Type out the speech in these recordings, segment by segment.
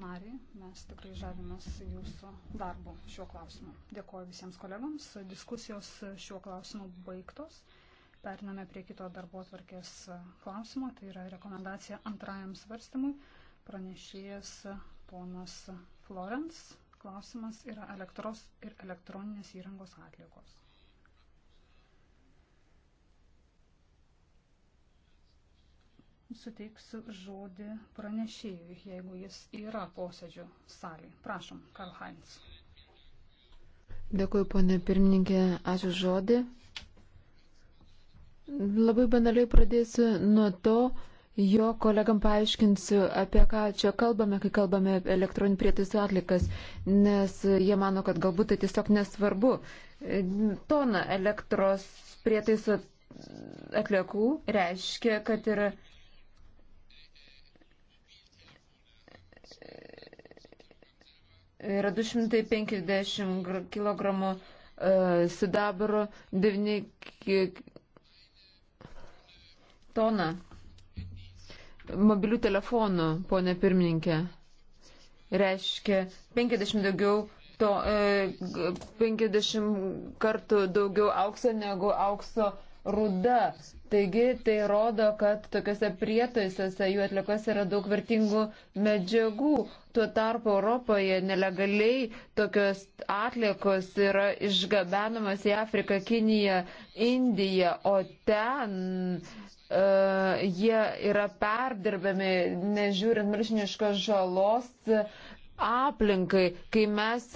narį, mes tikrai žavimės jūsų darbu šiuo klausimu. Dėkuoju visiems kolegams. Diskusijos šiuo klausimu baigtos. Periname prie kito darbo atvarkės klausimo, tai yra rekomendacija antrajam svarstymui. Pranešėjas ponas Florence. Klausimas yra elektros ir elektroninės įrangos atlikos. suteiksiu žodį pranešėjui, jeigu jis yra posėdžio salėje. Prašom, Karl Heinz. Dėkuoju, ponė pirmininkė, ačiū žodį. Labai banaliai pradėsiu nuo to, jo kolegam paaiškinsiu, apie ką čia kalbame, kai kalbame apie elektroninių prietaisų atlikas, nes jie mano, kad galbūt tai tiesiog nesvarbu. Tona elektros prietaisų atliekų reiškia, kad yra yra 250 kg e, sidabro, 9 tona mobilių telefonų, ponė pirmininkė. Reiškia 50 daugiau to, 50 e, kartų daugiau aukso negu aukso ruda. Taigi tai rodo, kad tokiuose prietaisuose jų atlikos yra daug vertingų medžiagų. Tuo tarpu Europoje nelegaliai tokios atlikos yra išgabenamas į Afriką, Kiniją, Indiją, o ten uh, jie yra perdirbami, nežiūrint milžiniškos žalos aplinkai, kai mes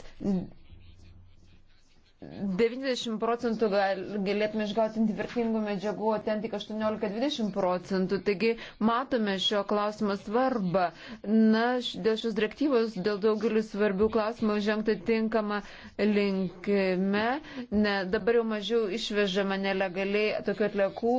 90 procentų gal, galėtume išgauti vertingų medžiagų, o ten tik 18-20 procentų. Taigi matome šio klausimo svarbą. Na, dėl šios direktyvos, dėl daugelių svarbių klausimų žengta tinkama linkme. Ne, dabar jau mažiau išvežama nelegaliai tokių atliekų,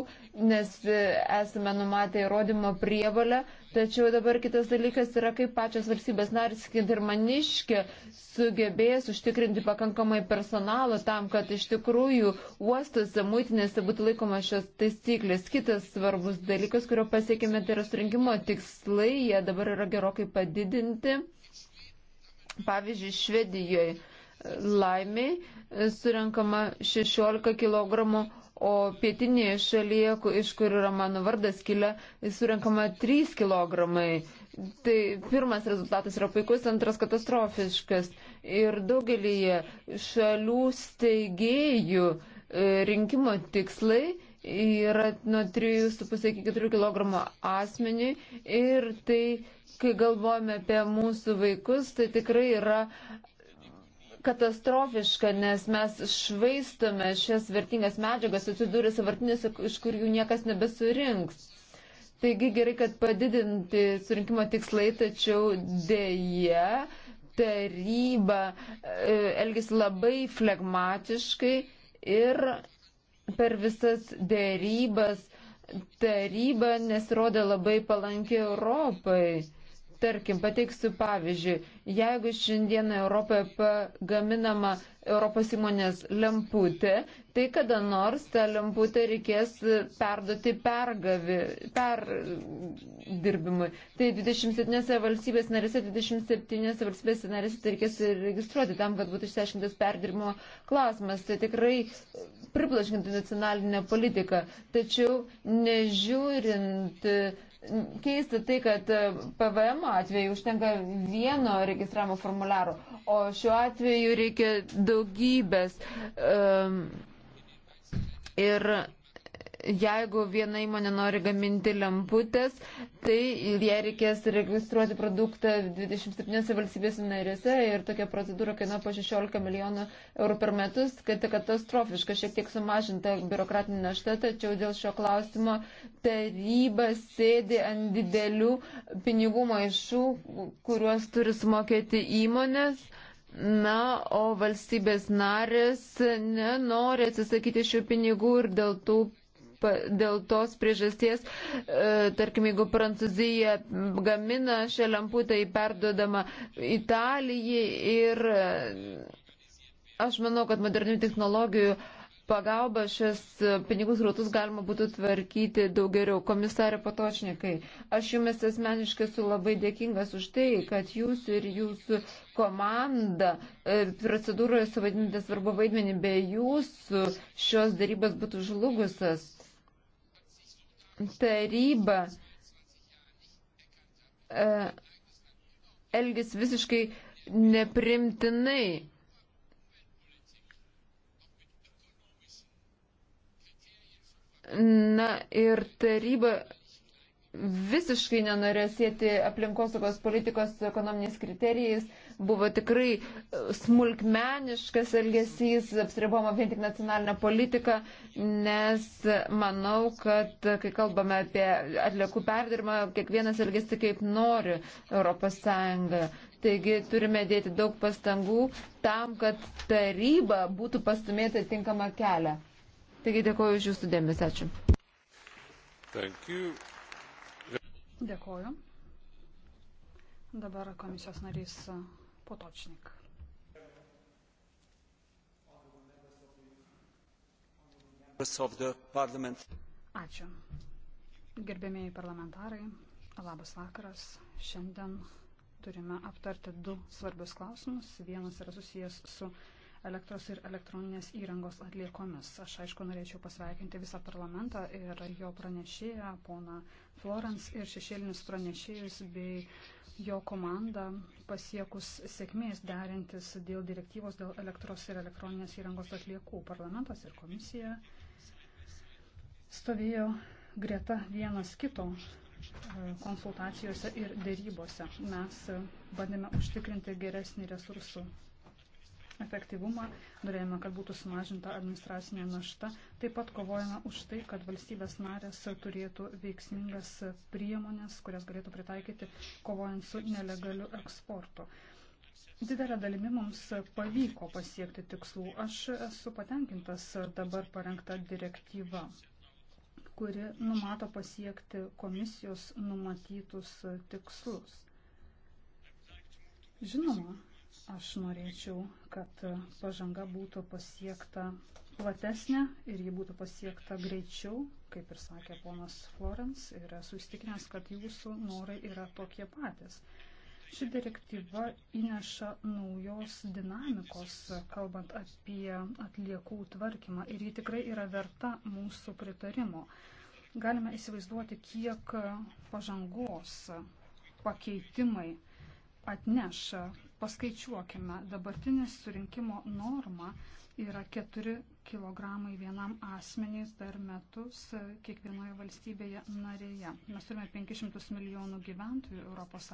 nes e, esame numatę įrodymo prievalę, Tačiau dabar kitas dalykas yra, kaip pačios valstybės narys, kaip ir maniškė, sugebės užtikrinti pakankamai personalo tam, kad iš tikrųjų uostuose, muitinėse būtų laikoma šios taisyklės. Kitas svarbus dalykas, kurio pasiekime, tai yra surinkimo tikslai, jie dabar yra gerokai padidinti. Pavyzdžiui, Švedijoje laimiai surinkama 16 kg o pietinėje šalyje, iš kur yra mano vardas kilę, surinkama 3 kg. Tai pirmas rezultatas yra puikus, antras katastrofiškas. Ir daugelį šalių steigėjų e, rinkimo tikslai yra nuo 3,5 iki 4 kg asmeniui ir tai, kai galvojame apie mūsų vaikus, tai tikrai yra katastrofiška, nes mes švaistome šias vertingas medžiagas atsidūrę savartinėse, iš kurių niekas nebesurinks. Taigi gerai, kad padidinti surinkimo tikslai, tačiau dėje taryba e, elgis labai flegmatiškai ir per visas dėrybas taryba nesirodė labai palanki Europai. Tarkim, pateiksiu pavyzdžiui, jeigu šiandieną Europoje pagaminama Europos įmonės lemputė, tai kada nors tą lemputę reikės perduoti pergavi, perdirbimui. Tai 27 valstybės narėse, 27 valstybės narėse tai reikės registruoti tam, kad būtų išsiaiškintas perdirbimo klausimas. Tai tikrai priplaškinti nacionalinę politiką. Tačiau nežiūrint keisti tai, kad e, PVM atveju užtenka vieno registravimo formularo, o šiuo atveju reikia daugybės. Um, ir jeigu viena įmonė nori gaminti lemputės, tai jie reikės registruoti produktą 27 valstybės narėse ir tokia procedūra kainuoja po 16 milijonų eurų per metus, kad tai katastrofiška, šiek tiek sumažinta biurokratinė našta, tačiau dėl šio klausimo taryba sėdi ant didelių pinigų maišų, kuriuos turi sumokėti įmonės. Na, o valstybės narės nenori atsisakyti šių pinigų ir dėl tų dėl tos priežasties, e, tarkim, jeigu Prancūzija gamina šią lemputę, jį tai perdodama Italijai ir e, aš manau, kad modernių technologijų pagalba šias pinigus rautus galima būtų tvarkyti daug geriau. Komisarė Patočnikai, aš jumis asmeniškai esu labai dėkingas už tai, kad jūs ir jūsų komanda e, procedūroje suvaidinate svarbu vaidmenį, be jūsų šios darybos būtų žlugusios taryba e, elgis visiškai neprimtinai. Na ir taryba visiškai nenorės sėti aplinkosaugos politikos su ekonominiais kriterijais, buvo tikrai e, smulkmeniškas elgesys, apsiriboma vien tik nacionalinė politika, nes manau, kad kai kalbame apie atliekų perdirbimą, kiekvienas elgesi kaip nori ES. Taigi turime dėti daug pastangų tam, kad taryba būtų pastumėta tinkamą kelią. Taigi dėkoju už jūsų dėmesį. Ačiū. Dėkoju. Dabar komisijos narys Potočnik. Ačiū. Gerbėmėjai parlamentarai, labas vakaras. Šiandien turime aptarti du svarbius klausimus. Vienas yra susijęs su elektros ir elektroninės įrangos atliekomis. Aš aišku norėčiau pasveikinti visą parlamentą ir jo pranešėją, poną Florence ir šešėlinius pranešėjus bei uh, jo komanda pasiekus sėkmės derintis dėl direktyvos dėl elektros ir elektroninės įrangos atliekų. Parlamentas ir komisija stovėjo greta vienas kito e, konsultacijose ir dėrybose. Mes bandėme užtikrinti geresnį resursų efektyvumą, norėjome, kad būtų sumažinta administracinė našta, taip pat kovojame už tai, kad valstybės narės turėtų veiksmingas priemonės, kurias galėtų pritaikyti kovojant su nelegaliu eksportu. Didelė dalimi mums pavyko pasiekti tikslų. Aš esu patenkintas dabar parengta direktyva, kuri numato pasiekti komisijos numatytus tikslus. Žinoma, Aš norėčiau, kad pažanga būtų pasiekta platesnė ir ji būtų pasiekta greičiau, kaip ir sakė ponas Florence, ir esu įstikinęs, kad jūsų norai yra tokie patys. Ši direktyva įneša naujos dinamikos, kalbant apie atliekų tvarkymą, ir ji tikrai yra verta mūsų pritarimo. Galime įsivaizduoti, kiek pažangos pakeitimai atneša Paskaičiuokime, dabartinė surinkimo norma yra 4 kg vienam asmenys per metus kiekvienoje valstybėje narėje. Mes turime 500 milijonų gyventojų ES,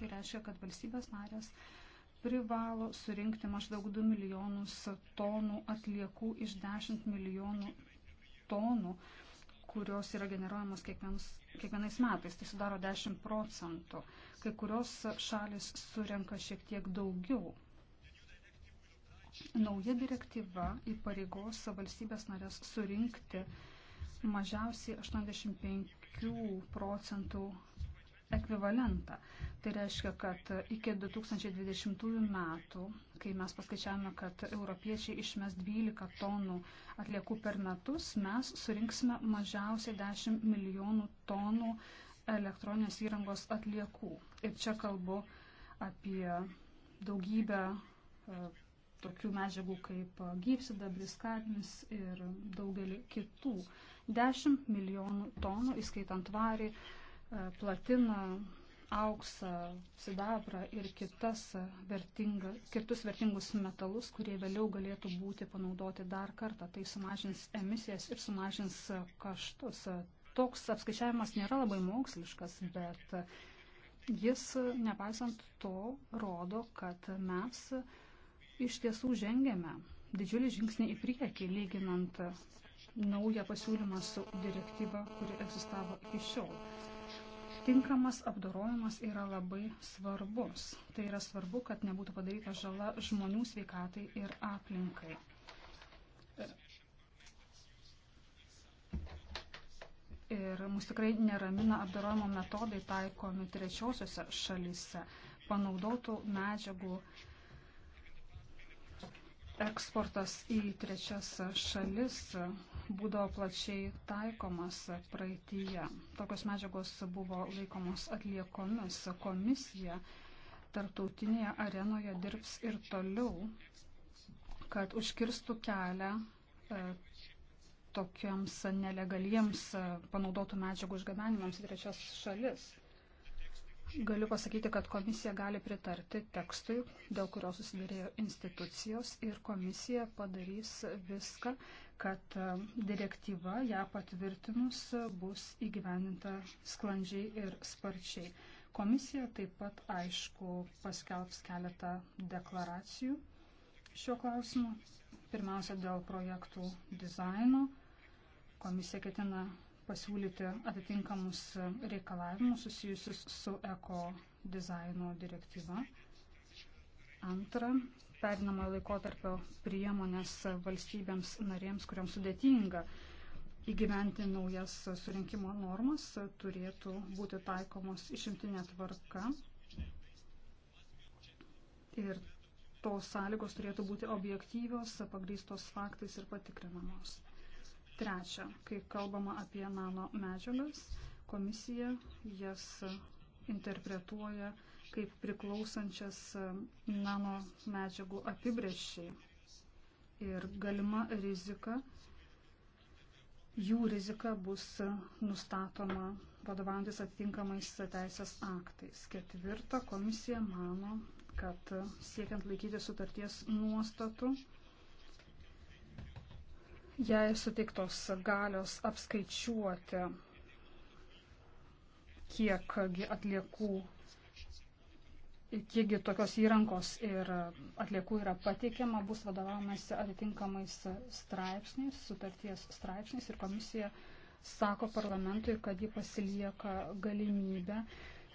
tai reiškia, kad valstybės narės privalo surinkti maždaug 2 milijonus tonų atliekų iš 10 milijonų tonų kurios yra generuojamos kiekvienais metais. Tai sudaro 10 procentų. Kai kurios šalis surenka šiek tiek daugiau. Nauja direktyva įpareigos valstybės narės surinkti mažiausiai 85 procentų ekvivalentą. Tai reiškia, kad iki 2020 metų, kai mes paskaičiavome, kad europiečiai išmes 12 tonų atliekų per metus, mes surinksime mažiausiai 10 milijonų tonų elektroninės įrangos atliekų. Ir čia kalbu apie daugybę e, tokių medžiagų kaip gyvsidabris, kadmis ir daugelį kitų. 10 milijonų tonų, įskaitant varį, E, platiną, auksą, sidabrą ir kitas vertinga, kitus vertingus metalus, kurie vėliau galėtų būti panaudoti dar kartą. Tai sumažins emisijas ir sumažins kaštus. Toks apskaičiavimas nėra labai moksliškas, bet jis, nepaisant to, rodo, kad mes iš tiesų žengėme didžiulį žingsnį į priekį, lyginant naują pasiūlymą su direktyva, kuri egzistavo iki šiol. Tinkamas apdorojimas yra labai svarbus. Tai yra svarbu, kad nebūtų padaryta žala žmonių sveikatai ir aplinkai. Ir mus tikrai neramina apdarojimo metodai taikomi trečiosiuose šalyse. Panaudotų medžiagų eksportas į trečias šalis būdavo plačiai taikomas praeitįje. Tokios medžiagos buvo laikomos atliekomis. Komisija tarptautinėje arenoje dirbs ir toliau, kad užkirstų kelią e, tokiems nelegaliems e, panaudotų medžiagų išgabenimams į trečias šalis. Galiu pasakyti, kad komisija gali pritarti tekstui, dėl kurio susidėrėjo institucijos ir komisija padarys viską, kad e, direktyva ją patvirtinus bus įgyveninta sklandžiai ir sparčiai. Komisija taip pat, aišku, paskelbs keletą deklaracijų šiuo klausimu. Pirmiausia, dėl projektų dizaino. Komisija ketina pasiūlyti atitinkamus reikalavimus susijusius su eko dizaino direktyva. Antra, perinamo laikotarpio priemonės valstybėms narėms, kuriams sudėtinga įgyventi naujas surinkimo normas, turėtų būti taikomos išimtinė tvarka. Ir tos sąlygos turėtų būti objektyvios, pagrįstos faktais ir patikrinamos. Trečia, kai kalbama apie nano medžiagas, komisija jas interpretuoja kaip priklausančias e, nano medžiagų apibrėžčiai ir galima rizika, jų rizika bus nustatoma vadovantis atitinkamais teisės aktais. Ketvirta, komisija mano, kad siekiant laikyti sutarties nuostatų, jai suteiktos galios apskaičiuoti, kiek atliekų, kiekgi tokios įrankos ir atliekų yra pateikiama, bus vadovavimasi atitinkamais straipsniais, sutarties straipsniais ir komisija sako parlamentui, kad ji pasilieka galimybę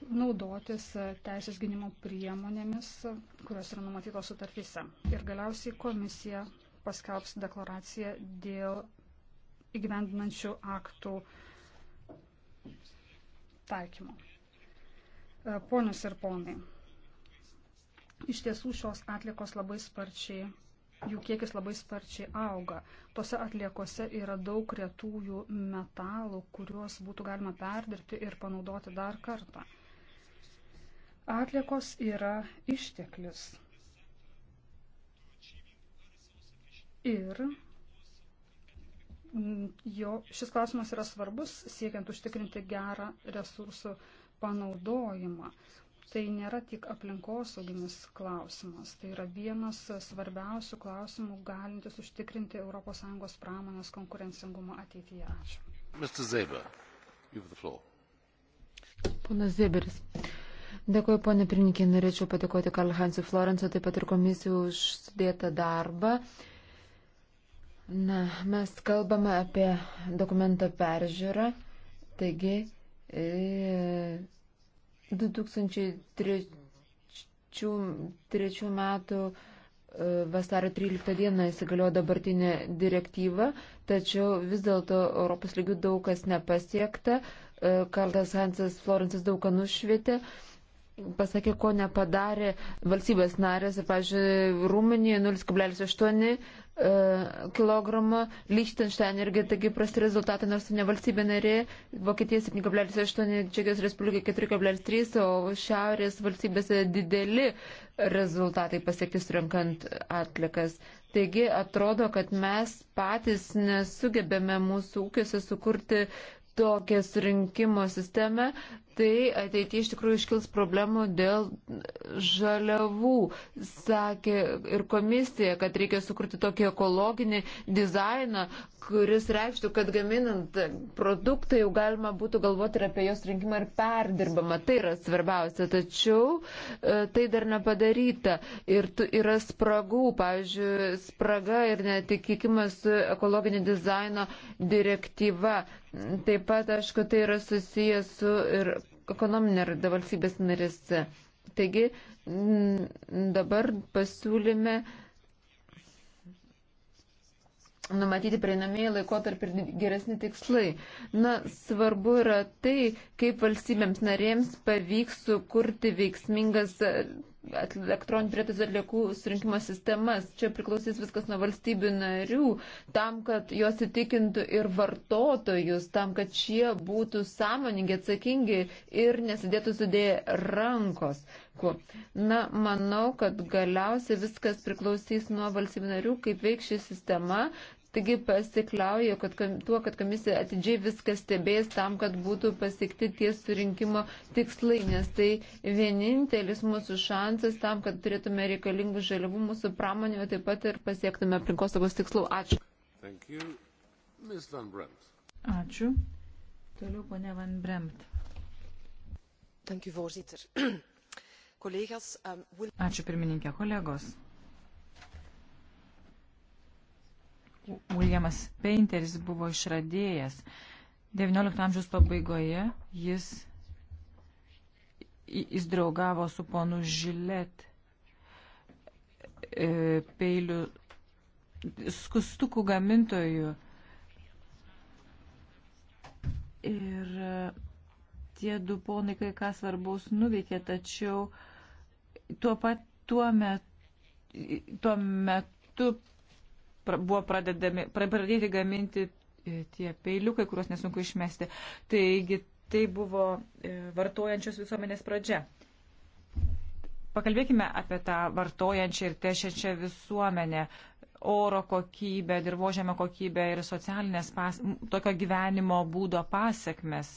naudotis teisės gynimo priemonėmis, kurios yra numatytos sutartyse. Ir galiausiai komisija paskelbs deklaraciją dėl įgyvendinančių aktų taikymo. E, Ponius ir ponai, iš tiesų šios atlikos labai sparčiai, jų kiekis labai sparčiai auga. Tose atliekose yra daug retųjų metalų, kuriuos būtų galima perdirbti ir panaudoti dar kartą. Atlikos yra išteklis Ir mm, jo, šis klausimas yra svarbus siekiant užtikrinti gerą resursų panaudojimą. Tai nėra tik aplinkosauginis klausimas, tai yra vienas svarbiausių klausimų galintis užtikrinti ES pramonės konkurencingumą ateityje. Ačiū. Zeber, Ponas Zeberis. Dėkuoju, ponė Prininkė, norėčiau patikoti Karl Hansi Florenco, taip pat ir komisijų uždėtą darbą. Uh, Na, mes kalbame apie dokumento peržiūrą, taigi e, 2003 metų e, vasario 13 dieną įsigaliojo dabartinė direktyva, tačiau vis dėlto Europos lygių daug kas nepasiekta. E, Karlas Hansas Florencis daug ką nušvietė, pasakė, ko nepadarė valstybės narės, ir, pažiūrėjau, Rumunija 0,8 E, kg. Liechtenstein irgi taigi prasti rezultatai, nors ne valstybė narė. Vokietija 7,8, Čekijos Respublika 4,3, o šiaurės valstybėse dideli rezultatai pasiekti surinkant atlikas. Taigi atrodo, kad mes patys nesugebėme mūsų ūkiuose sukurti tokią surinkimo sistemą, tai ateityje iš tikrųjų iškils problemų dėl žaliavų. Sakė ir komisija, kad reikia sukurti tokį ekologinį dizainą, kuris reikštų, kad gaminant produktą jau galima būtų galvoti ir apie jos rinkimą ir perdirbamą. Tai yra svarbiausia, tačiau e, tai dar nepadaryta. Ir yra spragų, pavyzdžiui, spraga ir netikikimas su ekologinio dizaino direktyva. Taip pat, aišku, tai yra susijęs su ir ekonominė raida valstybės narėse. Taigi dabar pasiūlyme numatyti prieinamieji laikotarpį ir geresni tikslai. Na, svarbu yra tai, kaip valstybėms narėms pavyks sukurti veiksmingas elektroninių prietaisų atliekų surinkimo sistemas. Čia priklausys viskas nuo valstybių narių, tam, kad jos įtikintų ir vartotojus, tam, kad šie būtų sąmoningi, atsakingi ir nesidėtų sudėję rankos. Na, manau, kad galiausiai viskas priklausys nuo valstybių narių, kaip veiks ši sistema, Taigi pasikliauju kad, tuo, kad komisija atidžiai viską stebės tam, kad būtų pasiekti tie surinkimo tikslai, nes tai vienintelis mūsų šansas tam, kad turėtume reikalingų žaliavų mūsų pramonėje, taip pat ir pasiektume aplinkosaugos tikslų. Ačiū. Ačiū. Toliau ponia Van Bremt. Um, Ačiū pirmininkė kolegos. Williamas Painteris buvo išradėjas. XIX amžiaus pabaigoje jis, jis draugavo su ponu Žilet e, peilių skustukų gamintojų. Ir e, tie du ponai kai ką svarbaus nuveikė, tačiau tuo pat tuo metu, tuo metu pra, buvo pradedami, pradėti gaminti e, tie peiliukai, kuriuos nesunku išmesti. Taigi tai buvo e, vartojančios visuomenės pradžia. Pakalbėkime apie tą vartojančią ir tešiančią visuomenę, oro kokybę, dirbožėmio kokybę ir socialinės pas, tokio gyvenimo būdo pasiekmes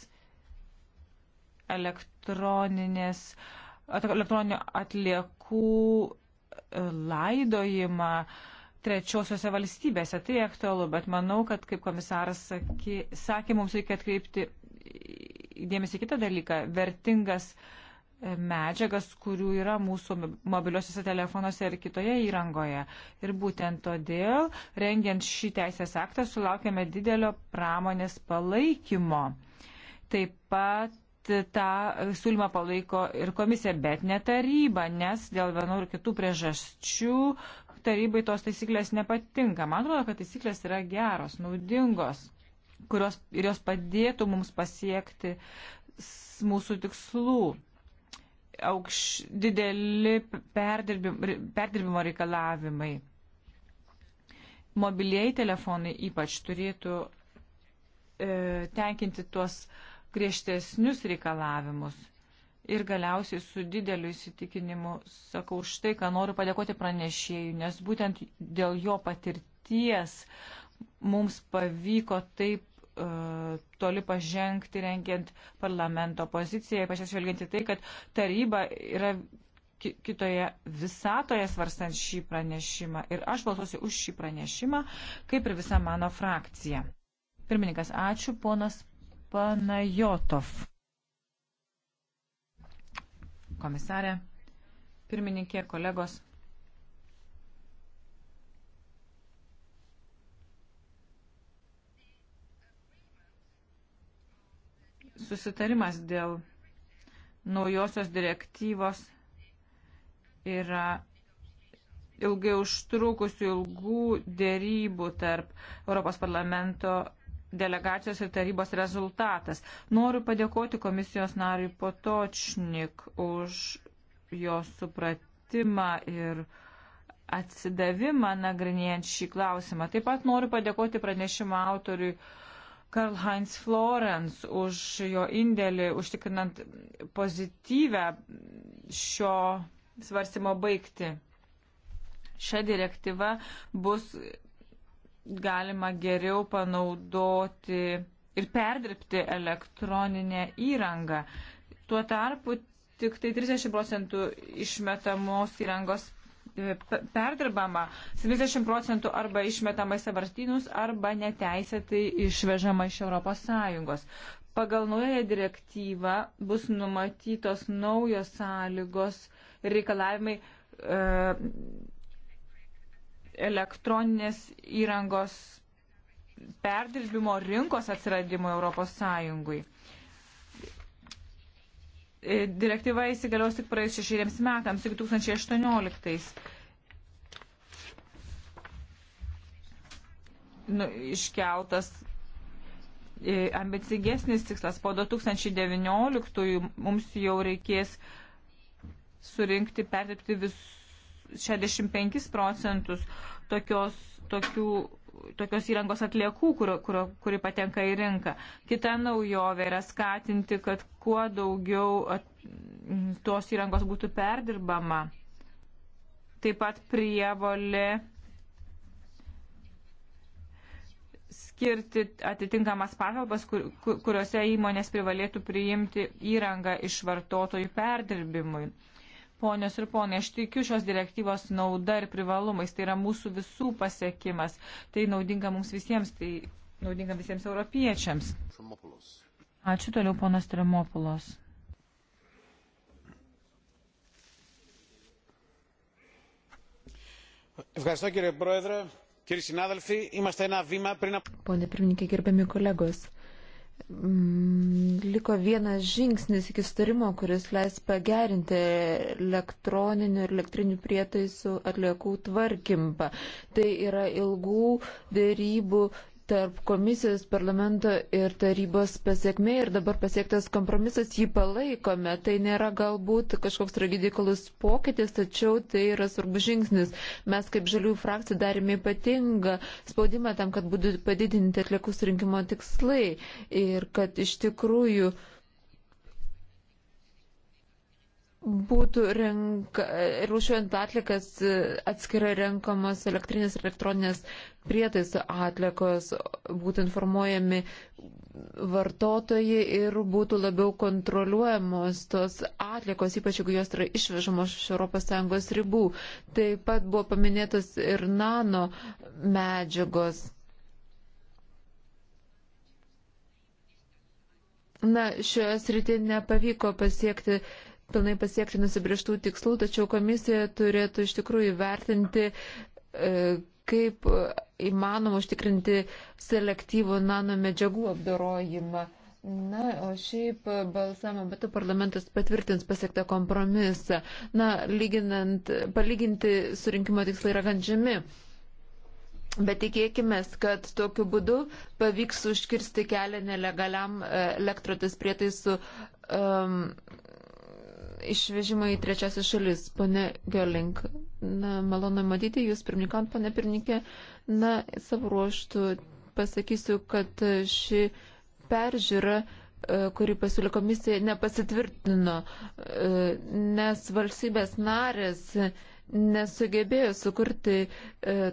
elektroninės, elektroninių atliekų e, laidojimą, uh, trečiosiuose valstybėse. Tai aktualu, bet manau, kad kaip komisaras sakė, sakė mums reikia atkreipti dėmesį kitą dalyką - vertingas e, medžiagas, kurių yra mūsų mobiliuosiuose telefonuose ir kitoje įrangoje. Ir būtent todėl, rengiant šį teisės aktą, sulaukėme didelio pramonės palaikymo. Taip pat tą siūlymą palaiko ir komisija, bet ne taryba, nes dėl vienų ir kitų priežasčių tarybai tos taisyklės nepatinka. Man atrodo, kad taisyklės yra geros, naudingos, kurios ir jos padėtų mums pasiekti mūsų tikslų. Aukš, dideli perdirbimo reikalavimai. Mobilieji telefonai ypač turėtų e, tenkinti tuos griežtesnius reikalavimus Ir galiausiai su dideliu įsitikinimu sakau štai, ką noriu padėkoti pranešėjui, nes būtent dėl jo patirties mums pavyko taip uh, toli pažengti, rengiant parlamento poziciją, ypač atsvelgiant į tai, kad taryba yra kitoje visatoje svarstant šį pranešimą. Ir aš balsuosiu už šį pranešimą, kaip ir visa mano frakcija. Pirmininkas, ačiū, ponas Panajotov komisarė, pirmininkė, kolegos. Susitarimas dėl naujosios direktyvos yra ilgai užtrukusių ilgų dėrybų tarp Europos parlamento delegacijos ir tarybos rezultatas. Noriu padėkoti komisijos nariui Potočnik už jo supratimą ir atsidavimą nagrinėjant šį klausimą. Taip pat noriu padėkoti pranešimo autoriui Karl Heinz Florence už jo indėlį, užtikrinant pozityvę šio svarstymo baigti. Šią direktyvą bus galima geriau panaudoti ir perdirbti elektroninę įrangą. Tuo tarpu tik tai 30 procentų išmetamos įrangos e, perdirbama, 70 procentų arba išmetama į savartynus, arba neteisėtai išvežama iš ES. Pagal naująją direktyvą bus numatytos naujos sąlygos reikalavimai e, elektroninės įrangos perdirbimo rinkos atsiradimo Europos Sąjungui. E, direktyva įsigalios tik praėjus šešeriems metams, tik 2018. Nu, iškeltas e, ambicingesnis tikslas. Po 2019 mums jau reikės surinkti, perdirbti visus 65 procentus tokios, tokių, tokios įrangos atliekų, kurio, kurio, kuri patenka į rinką. Kita naujovė yra skatinti, kad kuo daugiau at, tos įrangos būtų perdirbama. Taip pat prievolė skirti atitinkamas patalpas, kur, kur, kuriuose įmonės privalėtų priimti įrangą iš vartotojų perdirbimui. Ponios ir ponai, aš tikiu šios direktyvos nauda ir privalumais. Tai yra mūsų visų pasiekimas. Tai naudinga mums visiems, tai naudinga visiems europiečiams. Ačiū toliau, ponas Tremopulos. Ευχαριστώ κύριε Πρόεδρε. Κύριοι συνάδελφοι, είμαστε ένα βήμα πριν από... Πόνε πριν και κύριε Πεμικολέγκος. Mm, liko vienas žingsnis iki starimo, kuris leis pagerinti elektroninių ir elektrinių prietaisų atliekų tvarkymą. Tai yra ilgų dėrybų tarp komisijos, parlamento ir tarybos pasiekmė ir dabar pasiektas kompromisas jį palaikome. Tai nėra galbūt kažkoks radikalus pokytis, tačiau tai yra svarbus žingsnis. Mes kaip žaliųjų frakcija darėme ypatingą spaudimą tam, kad būtų padidinti atliekų surinkimo tikslai ir kad iš tikrųjų uh, būtų renk, rūšiuojant atlikas atskirai renkamos elektrinės ir elektroninės prietaisų atlikos, būtų informuojami vartotojai ir būtų labiau kontroliuojamos tos atlikos, ypač jeigu jos yra išvežamos iš ES ribų. Taip pat buvo paminėtas ir nano medžiagos. Na, šioje srityje nepavyko pasiekti uh, pilnai pasiekti nusibrieštų tikslų, tačiau komisija turėtų iš tikrųjų vertinti, e, kaip įmanoma užtikrinti selektyvų nanomedžiagų apdorojimą. Na, o šiaip balsavimo metu parlamentas patvirtins pasiektą kompromisą. Na, lyginant, palyginti surinkimo tikslai yra gan žemi. Bet tikėkime, kad tokiu būdu pavyks užkirsti kelią nelegaliam e, elektrotis prietaisų um, išvežimą į trečiasis šalis. Pane Gerling, na, malonu matyti Jūs, pirmininkant, pane pirmininkė, na, savo ruoštų pasakysiu, kad ši peržiūra e, kuri pasiūlė komisija, nepasitvirtino, e, nes valstybės narės nesugebėjo sukurti e,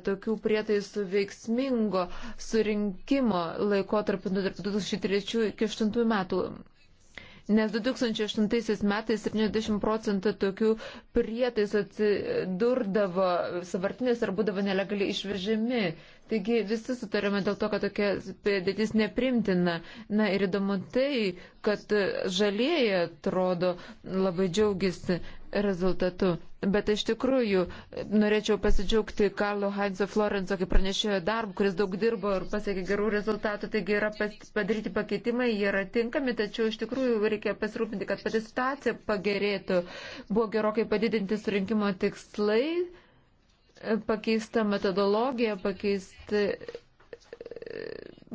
tokių prietaisų veiksmingo surinkimo laikotarpį nuo 2003 iki 2008 metų nes 2008 metais 70 procentų tokių prietais atsidurdavo savartinės ar būdavo nelegaliai išvežami. Taigi visi sutarėme dėl to, kad tokia padėtis neprimtina. Na ir įdomu tai, kad žalieji atrodo labai džiaugiasi rezultatu. Bet iš tikrųjų norėčiau pasidžiaugti Karlo Heinzo Florenco kaip pranešėjo darbų, kuris daug dirbo ir pasiekė gerų rezultatų, taigi yra padaryti pakeitimai, jie yra tinkami, tačiau iš tikrųjų reikia pasirūpinti, kad pati situacija pagerėtų. Buvo gerokai padidinti surinkimo tikslai, pakeista metodologija, pakeisti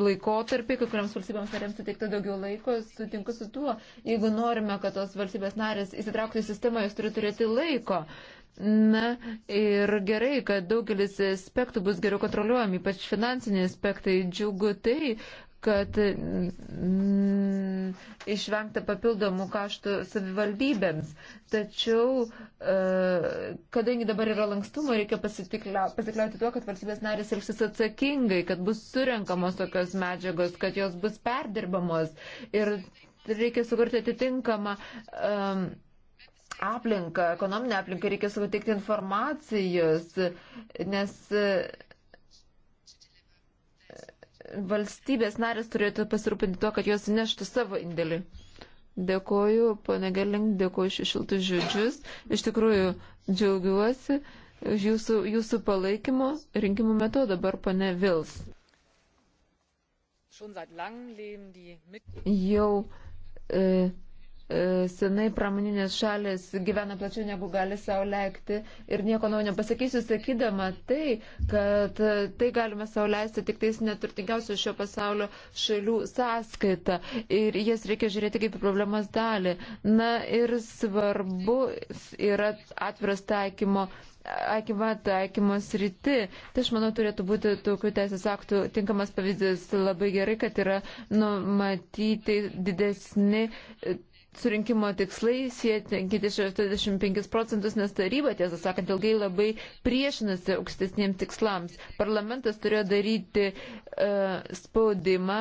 laikotarpį, kai kuriams valstybėms narėms suteikta daugiau laiko, sutinku su tuo. Jeigu norime, kad tos valstybės narės įsitrauktų į sistemą, jos turi turėti laiko. Na ir gerai, kad daugelis aspektų bus geriau kontroliuojami, ypač finansiniai aspektai. Džiugu tai, kad mm, išvengta papildomų kaštų savivaldybėms. Tačiau, e, kadangi dabar yra lankstumo, reikia pasikliauti tuo, kad valstybės narės elgsis atsakingai, kad bus surenkamos tokios medžiagos, kad jos bus perdirbamos ir reikia sukurti atitinkamą. E, aplinką, ekonominę aplinką reikia suteikti informacijos, nes e, valstybės narės turėtų pasirūpinti tuo, kad jos neštų savo indėlį. Dėkoju, ponė Gelink, dėkoju iš šiltus žodžius. Iš tikrųjų, džiaugiuosi jūsų, jūsų palaikymo rinkimų metu dabar ponė Vils. Jau e, E, senai pramoninės šalis gyvena plačiau negu gali savo leikti ir nieko naujo nepasakysiu, sakydama tai, kad tai galime savo leisti tik tais neturtingiausių šio pasaulio šalių sąskaita ir jas reikia žiūrėti kaip į problemas dalį. Na ir svarbu yra atviras taikymo. Akima taikymo sriti. Tai aš manau turėtų būti tokių teisės aktų tinkamas pavyzdys. Labai gerai, kad yra numatyti didesni surinkimo tikslai siekianti 65 procentus, nes taryba, tiesą sakant, ilgai labai priešinasi aukštesniems tikslams. Parlamentas turėjo daryti uh, spaudimą,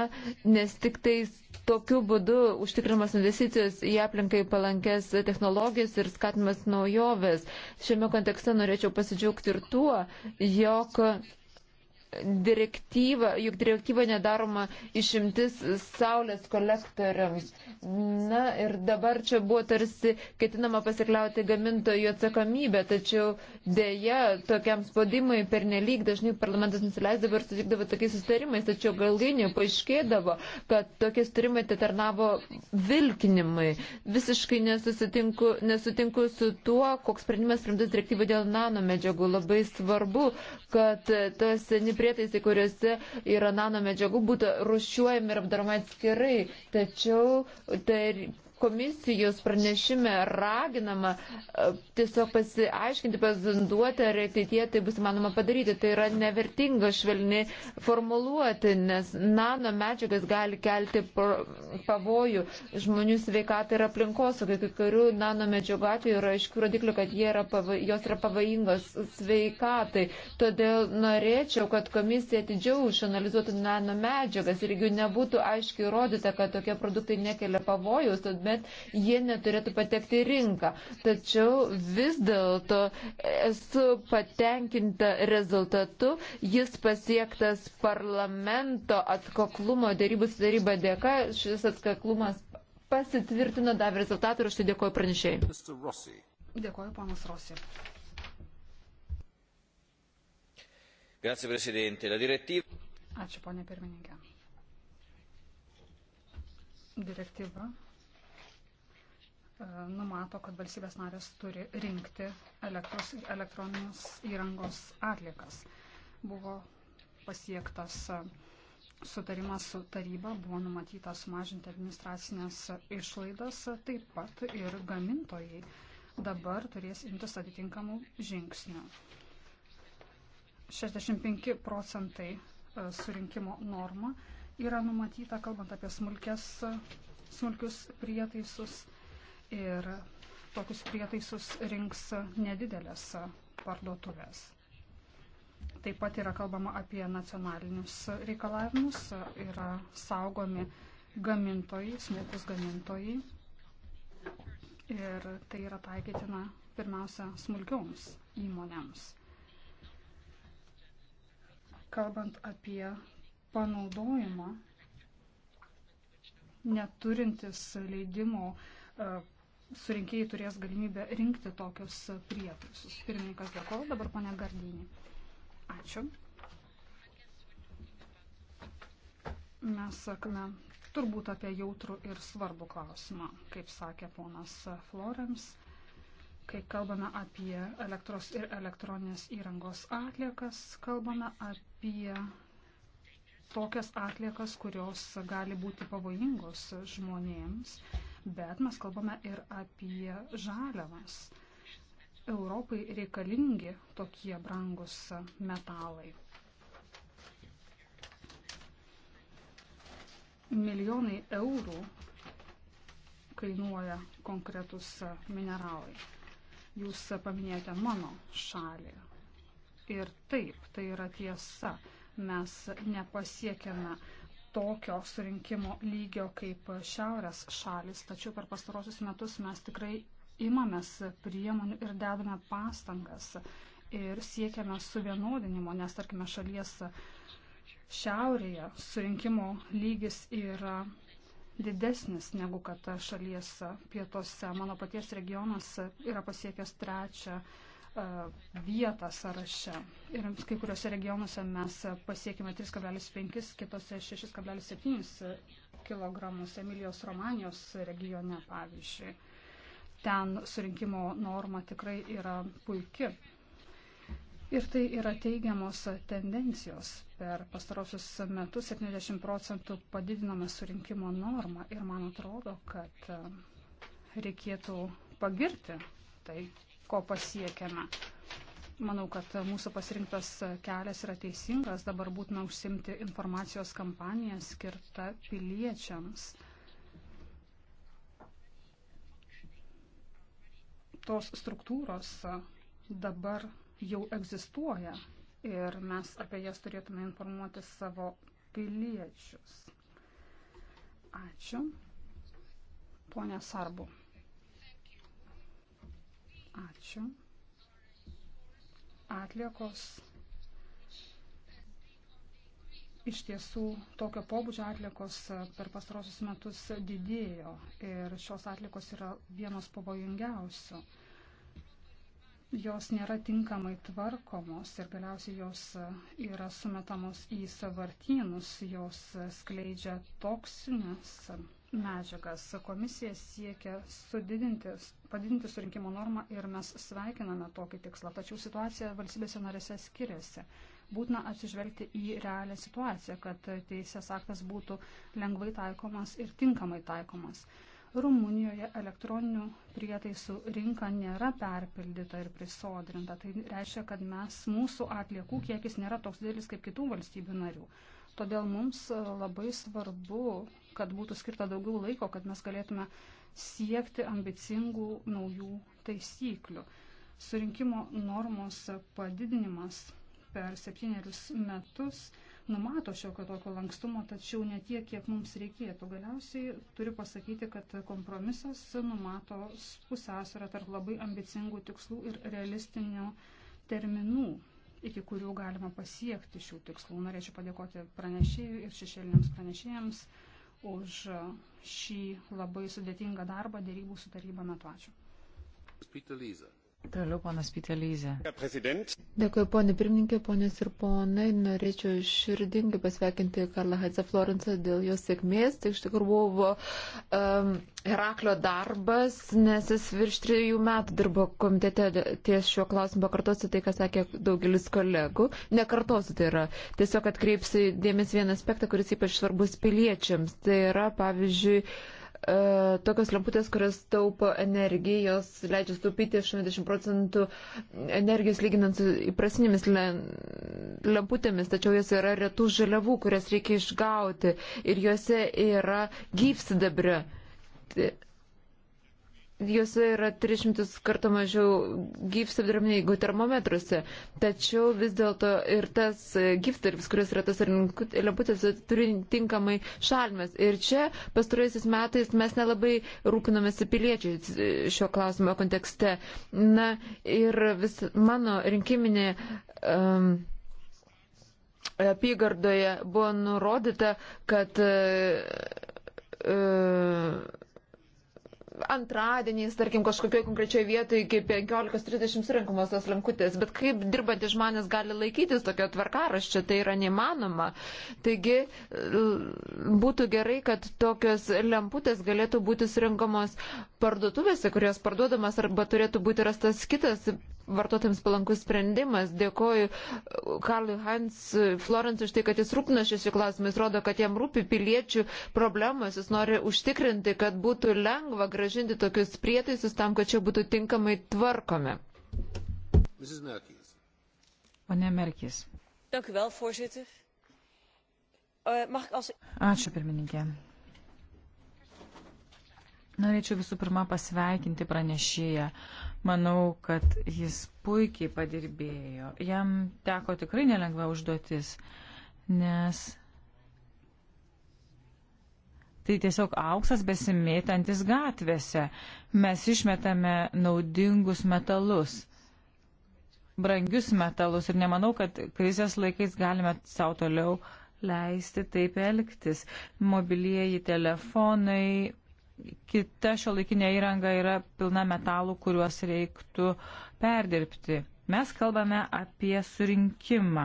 nes tik tais tokiu būdu užtikrimas investicijos į aplinkai palankes technologijas ir skatimas naujoves. Šiame kontekste norėčiau pasidžiaugti ir tuo, jog direktyva, juk direktyva nedaroma išimtis saulės kolektoriams. Na ir dabar čia buvo tarsi ketinama pasikliauti gamintojų atsakomybę, tačiau dėja tokiam spaudimui per nelik dažnai parlamentas nusileisdavo ir sutikdavo tokiais sustarimais, tačiau galinių paaiškėdavo, kad tokie sustarimai atitarnavo vilkinimui. Visiškai nesusitinku, nesutinku su tuo, koks sprendimas primtas direktyva dėl nanomedžiagų. Labai svarbu, kad tas neprie prietaisai, kuriuose yra nanomedžiagų, būtų rušiuojami ir apdaroma atskirai. Tačiau tar, komisijos pranešime raginama e, tiesiog pasiaiškinti, pazinduoti, ar ateitie tai bus manoma padaryti. Tai yra nevertinga švelni formuluoti, nes nano medžiagas gali kelti pavojų žmonių sveikatai ir aplinkosaugai. Kai kurių nano medžiagų atveju yra aiškių rodiklių, kad yra pava, jos yra pavojingos sveikatai. Todėl norėčiau, kad komisija atidžiau išanalizuotų nano medžiagas ir jeigu nebūtų aiškiai įrodyta, kad tokie produktai nekelia pavojus, tad tuomet jie neturėtų patekti į rinką. Tačiau vis dėlto esu patenkinta rezultatu, jis pasiektas parlamento atkaklumo dėrybų sudaryba dėka, šis atkaklumas pasitvirtino, davė rezultatą ir aš tai dėkoju pranešėjai. Dėkoju, panas Rosi. Grazie, Presidente. La direttiva. Ačiū, ponė pirmininkė. Direktyva numato, kad valstybės narės turi rinkti elektros ir elektroninės įrangos atlikas. Buvo pasiektas e, sutarimas su taryba, buvo numatyta sumažinti administracinės išlaidas, taip pat ir gamintojai dabar turės imtis atitinkamų žingsnių. 65 procentai e, surinkimo norma yra numatyta, kalbant apie smulkės, smulkius prietaisus ir tokius prietaisus rinks nedidelės parduotuvės. Taip pat yra kalbama apie nacionalinius reikalavimus, yra saugomi gamintojai, smulkus gamintojai ir tai yra taikytina pirmiausia smulkioms įmonėms. Kalbant apie panaudojimą, neturintis leidimo e, surinkėjai turės galimybę rinkti tokius prietaisus. Pirmininkas dėkoju, dabar ponia Gardinį. Ačiū. Mes sakome turbūt apie jautrų ir svarbų klausimą, kaip sakė ponas Florens. Kai kalbame apie elektros ir elektroninės įrangos atliekas, kalbame apie tokias atliekas, kurios gali būti pavojingos žmonėms bet mes kalbame ir apie žaliavas. Europai reikalingi tokie brangus metalai. Milijonai eurų kainuoja konkretus mineralai. Jūs paminėjote mano šalį. Ir taip, tai yra tiesa. Mes nepasiekėme uh, tokio surinkimo lygio kaip šiaurės šalis, tačiau per pastarosius metus mes tikrai imamės priemonių ir dedame pastangas ir siekiame suvienodinimo, nes tarkime šalies šiaurėje surinkimo lygis yra didesnis negu kad šalies pietuose. Mano paties regionas yra pasiekęs trečią vietą sąraše. Ir kai kuriuose regionuose mes pasiekime 3,5, kitose 6,7 kg Emilijos Romanijos regione, pavyzdžiui. Ten surinkimo norma tikrai yra puiki. Ir tai yra teigiamos tendencijos. Per pastarosius metus 70 procentų padidinome surinkimo normą ir man atrodo, kad reikėtų pagirti tai ko pasiekiame. Manau, kad mūsų pasirinktas kelias yra teisingas. Dabar būtina užsimti informacijos kampaniją skirtą piliečiams. Tos struktūros dabar jau egzistuoja ir mes apie jas turėtume informuoti savo piliečius. Ačiū. Pone Sarbu. Ačiū. Atliekos. Iš tiesų, tokio pobūdžio atlikos e, per pastarosius metus didėjo ir šios atlikos yra vienos pavojingiausių. Jos nėra tinkamai tvarkomos ir galiausiai jos e, yra sumetamos į savartynus, jos e, skleidžia toksinės medžiagas. Komisija siekia padidinti surinkimo normą ir mes sveikiname tokį tikslą, tačiau situacija valstybėse narėse skiriasi. Būtina atsižvelgti į realią situaciją, kad teisės aktas būtų lengvai taikomas ir tinkamai taikomas. Rumunijoje elektroninių prietaisų rinka nėra perpildyta ir prisodrinta. Tai reiškia, kad mes, mūsų atliekų kiekis nėra toks didelis kaip kitų valstybių narių. Todėl mums labai svarbu kad būtų skirta daugiau laiko, kad mes galėtume siekti ambicingų naujų taisyklių. Surinkimo normos padidinimas per septynerius metus numato šiokio tokio lankstumo, tačiau ne tiek, kiek mums reikėtų. Galiausiai turiu pasakyti, kad kompromisas numato pusęsvarą tarp labai ambicingų tikslų ir realistinių terminų, iki kurių galima pasiekti šių tikslų. Norėčiau padėkoti pranešėjui ir šešėliniams pranešėjams už šį labai sudėtingą darbą dėrybų su taryba metu. Ačiū. Toliau panas Pitelyzė. Dėkuoju, ponė pirmininkė, ponės ir ponai. Norėčiau širdingai pasveikinti Karlą Haidze Florencą dėl jos sėkmės. Tai iš tikrųjų buvo um, Heraklio darbas, nes jis virš trijų metų dirbo komitete ties šiuo klausimu. Pakartosiu tai, ką sakė daugelis kolegų. Nekartosiu tai yra. Tiesiog atkreipsiu dėmesį vieną aspektą, kuris ypač svarbus piliečiams. Tai yra, pavyzdžiui, uh, E, tokios lamputės, kurios taupo energijos, leidžia sutaupyti 80 procentų energijos lyginant su įprasinėmis lamputėmis, tačiau jos yra retų žaliavų, kurias reikia išgauti ir juose yra gyvsidabrio. Juose yra 300 kartų mažiau gyvsidarbinių negu termometruose, tačiau vis dėlto ir tas e, gyvsidarbis, kuris yra tas lemputės, e, turi tinkamai šalmės. Ir čia pastaraisiais metais mes nelabai rūpinomės piliečiai e, šio klausimo kontekste. Na ir vis mano rinkiminė. Um, apygardoje buvo nurodyta, kad uh, uh, antradieniais, tarkim, kažkokioje konkrečioje vietoje iki 15.30 surinkamos tos lankutės, bet kaip dirbantys žmonės gali laikytis tokio tvarkaraščio, tai yra neįmanoma. Taigi būtų gerai, kad tokios lemputės galėtų būti surinkamos parduotuvėse, kurios parduodamas arba turėtų būti rastas kitas vartotojams palankus sprendimas. Dėkoju uh, Karlui Hans uh, Florence už tai, kad jis rūpino šis klausimais. Rodo, kad jam rūpi piliečių problemas. Jis nori užtikrinti, kad būtų lengva gražinti tokius prietaisus tam, kad čia būtų tinkamai tvarkomi. Pane Merkis. Eh, Ačiū pirmininkė. Norėčiau visų pirma pasveikinti pranešėją. Uh, Manau, kad jis puikiai padirbėjo. Jam teko tikrai nelengva užduotis, nes tai tiesiog auksas besimėtantis gatvėse. Mes išmetame naudingus metalus, brangius metalus ir nemanau, kad krizės laikais galime savo toliau leisti taip elgtis. Mobilieji telefonai, kita šio laikinė įranga yra pilna metalų, kuriuos reiktų perdirbti. Mes kalbame apie surinkimą.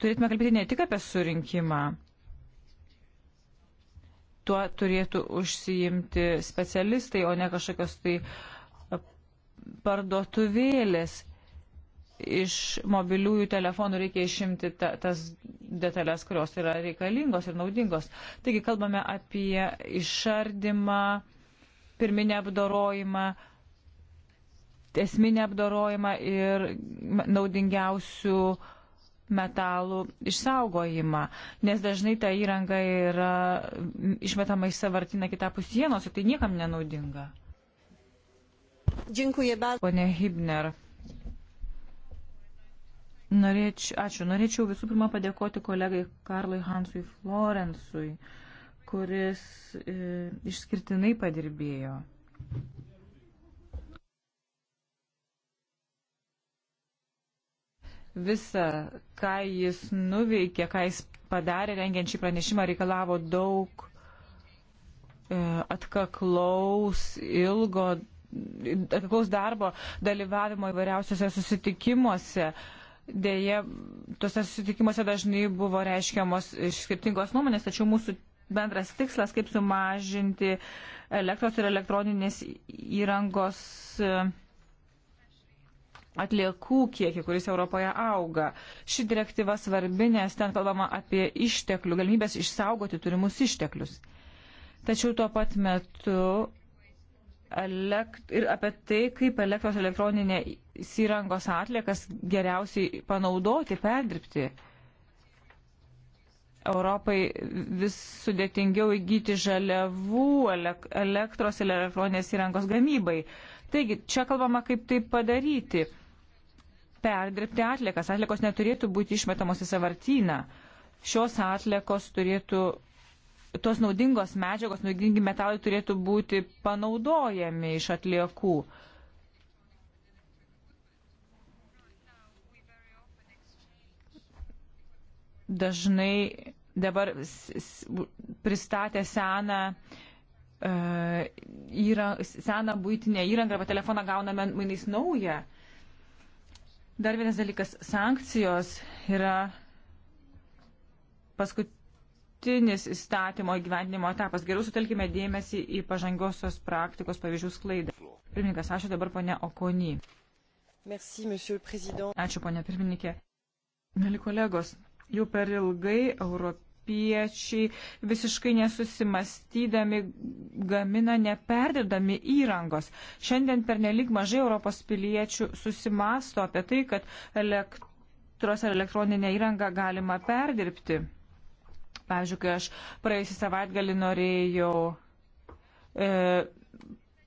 Turėtume kalbėti ne tik apie surinkimą. Tuo turėtų užsiimti specialistai, o ne kažkokios tai parduotuvėlės iš mobiliųjų telefonų reikia išimti ta, tas detalės, kurios yra reikalingos ir naudingos. Taigi kalbame apie išardimą, pirminę apdorojimą, esminę apdorojimą ir naudingiausių metalų išsaugojimą, nes dažnai ta įranga yra išmetama į savartiną kitapus sienos ir tai niekam nenaudinga. Dziękuję bardzo. Pone Hibner, Norėčiau, ačiū. Norėčiau visų pirma padėkoti kolegai Karlui Hansui Florensui, kuris e, išskirtinai padirbėjo. Visa, ką jis nuveikė, ką jis padarė rengiant šį pranešimą, reikalavo daug e, atkaklaus, ilgo, atkaklaus darbo, dalyvavimo įvairiausiose susitikimuose. E, Deja, tuose susitikimuose dažnai buvo reiškiamos skirtingos nuomonės, tačiau mūsų bendras tikslas, kaip sumažinti elektros ir elektroninės įrangos e, atliekų kiekį, kuris Europoje auga. Ši direktyva svarbi, nes ten kalbama apie išteklių, galimybės išsaugoti turimus išteklius. Tačiau tuo pat metu elekt, ir apie tai, kaip elektros elektroninė įrangos atliekas geriausiai panaudoti, perdirbti. Europai vis sudėtingiau įgyti žaliavų elektros ir elektroninės įrangos gamybai. Taigi, čia kalbama, kaip tai padaryti. Perdirbti atliekas. Atliekos neturėtų būti išmetamos į savartyną. Šios atliekos turėtų, tos naudingos medžiagos, naudingi metalai turėtų būti panaudojami iš atliekų. Uh, dažnai dabar pristatė seną e, įra, seną būtinę įrangą arba telefoną gauname mainais naują. Dar vienas dalykas - sankcijos yra paskutinis įstatymo įgyvendinimo etapas. Geriau sutelkime dėmesį į pažangiosios praktikos pavyzdžių sklaidą. Pirmininkas, ačiū dabar ponia Okony. Merci, Ačiū ponia pirmininkė. Mėly kolegos, jų per ilgai europiečiai visiškai nesusimastydami gamina neperdedami įrangos. Šiandien per nelik mažai Europos piliečių susimasto apie tai, kad elektros ar elektroninę įrangą galima perdirbti. Pavyzdžiui, kai aš praėjusį savaitgalį norėjau e,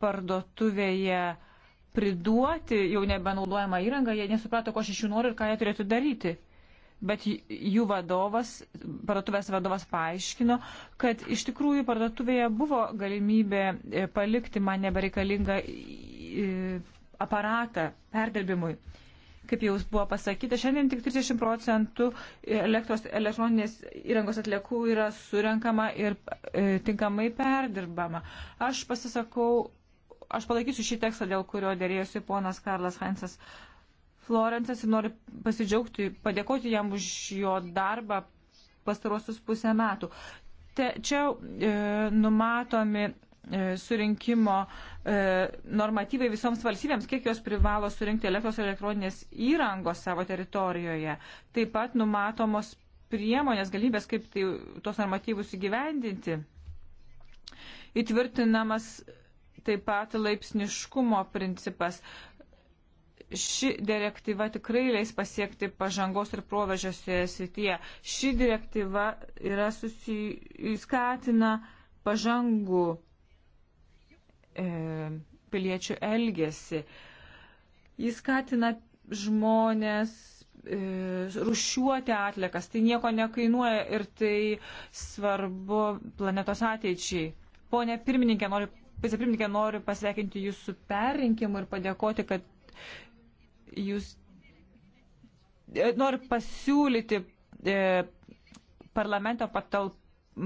parduotuvėje priduoti jau nebenaudojamą įrangą, jie nesuprato, ko aš iš jų noriu ir ką jie turėtų daryti bet jų vadovas, parduotuvės vadovas paaiškino, kad iš tikrųjų parduotuvėje buvo galimybė e, palikti man nebereikalingą aparatą perdirbimui. Kaip jau buvo pasakyta, šiandien tik 30 procentų elektros, elektroninės įrangos atliekų yra surenkama ir e, tinkamai perdirbama. Aš pasisakau, aš palaikysiu šį tekstą, dėl kurio dėrėjosi ponas Karlas Heinzas. E, Florencas ir noriu pasidžiaugti, padėkoti jam už jo darbą pastarosius pusę metų. Te, čia e, numatomi e, surinkimo e, normatyvai visoms valstybėms, kiek jos privalo surinkti elektros elektroninės įrangos savo teritorijoje. Taip pat numatomos priemonės, galimybės, kaip tai, tos normatyvus įgyvendinti. Įtvirtinamas taip pat laipsniškumo principas ši direktyva tikrai leis pasiekti pažangos ir proveržio šioje srityje. Ši direktyva yra susiskatina pažangų e, piliečių elgesį. Jis skatina žmonės e, rušiuoti atlikas, tai nieko nekainuoja ir tai svarbu planetos ateičiai. Pone pirmininkė, noriu, pirmininkė, noriu pasveikinti jūsų perrinkimu ir padėkoti, kad jūs e, noriu pasiūlyti e, parlamento patalpą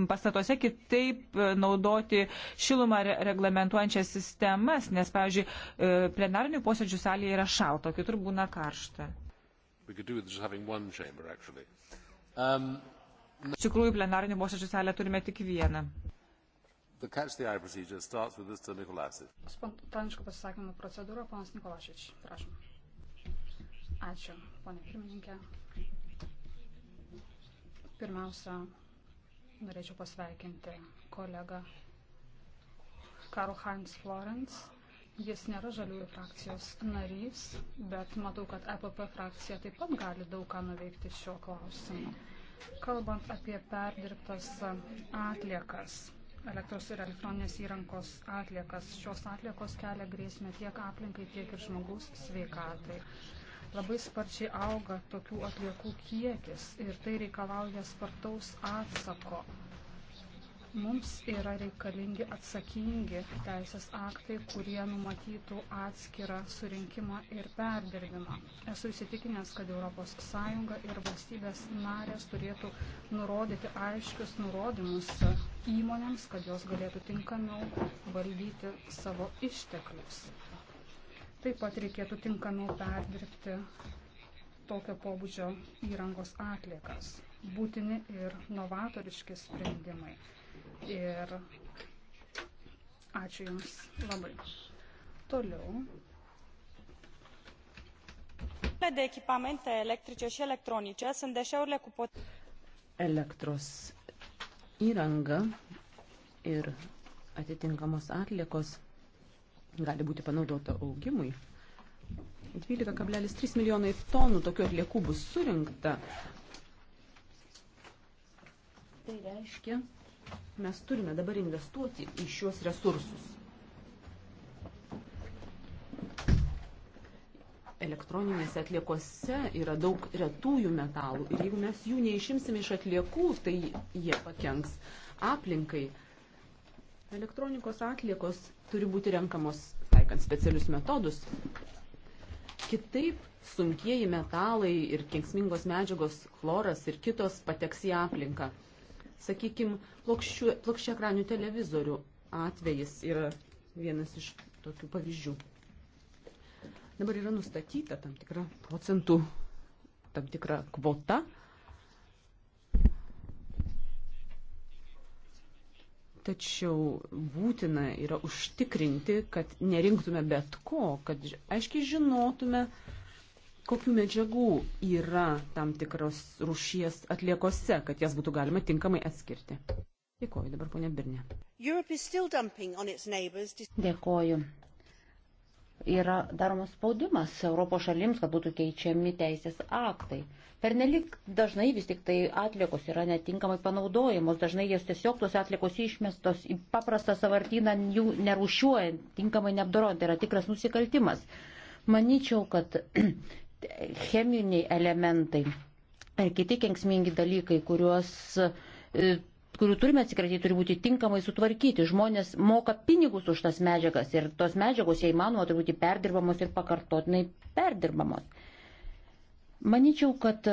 pastatuose kitaip e, naudoti šilumą re reglamentuojančias sistemas, nes, pavyzdžiui, e, plenarinių posėdžių salėje yra šalta, kitur būna karšta. Chamber, um, Iš tikrųjų, plenarinių posėdžių salę turime tik vieną. Spontaniškų pasisakymų procedūra, panas Nikolašič, prašom. Ačiū, ponė pirmininkė. Pirmiausia, norėčiau pasveikinti kolegą Karl Heinz Florence. Jis nėra žaliųjų frakcijos narys, bet matau, kad EPP frakcija taip pat gali daug ką nuveikti šiuo klausimu. Kalbant apie perdirbtas atliekas, elektros ir elektroninės įrankos atliekas, šios atliekos kelia grėsmę tiek aplinkai, tiek ir žmogaus sveikatai. Labai sparčiai auga tokių atliekų kiekis ir tai reikalauja spartaus atsako. Mums yra reikalingi atsakingi teisės aktai, kurie numatytų atskirą surinkimą ir perdirbimą. Esu įsitikinęs, kad ES ir valstybės narės turėtų nurodyti aiškius nurodymus įmonėms, kad jos galėtų tinkamiau valdyti savo išteklius. Taip pat reikėtų tinkamiau perdirbti tokio pobūdžio įrangos atliekas. Būtini ir novatoriški sprendimai. Ir ačiū Jums labai. Toliau deșeurile de echipamente electrice și electronice sunt deșeurile cu pot... Elektros įranga ir atitinkamos atliekos gali būti panaudota augimui. 12,3 milijonai tonų tokių atliekų bus surinkta. Tai reiškia, mes turime dabar investuoti į šiuos resursus. elektroninėse atliekose yra daug retųjų metalų ir jeigu mes jų neišimsime iš atliekų, tai jie pakenks aplinkai. Elektronikos atliekos turi būti renkamos taikant specialius metodus. Kitaip sunkieji metalai ir kenksmingos medžiagos, chloras ir kitos pateks į aplinką. Sakykime, plokščia ekranių televizorių atvejis yra vienas iš tokių pavyzdžių. Dabar yra nustatyta tam tikra procentų, tam tikra kvota Tačiau būtina yra užtikrinti, kad nerinktume bet ko, kad aiškiai žinotume, kokių medžiagų yra tam tikros rušies atliekose, kad jas būtų galima tinkamai atskirti. Dėkoju dabar, ponė Birne. Dėkoju yra daromas spaudimas Europos šalims, kad būtų keičiami teisės aktai. Pernelik dažnai vis tik tai atliekos yra netinkamai panaudojamos, dažnai jos tiesiog tos atliekos išmestos į paprastą savartyną, jų nerušiuojant, tinkamai neapdorojant, tai yra tikras nusikaltimas. Maničiau, kad cheminiai elementai ir kiti kenksmingi dalykai, kuriuos e, kurių turime atsikratyti, turi būti tinkamai sutvarkyti. Žmonės moka pinigus už tas medžiagas ir tos medžiagos, jei įmanoma, turi būti perdirbamos ir pakartotinai perdirbamos. Maničiau, kad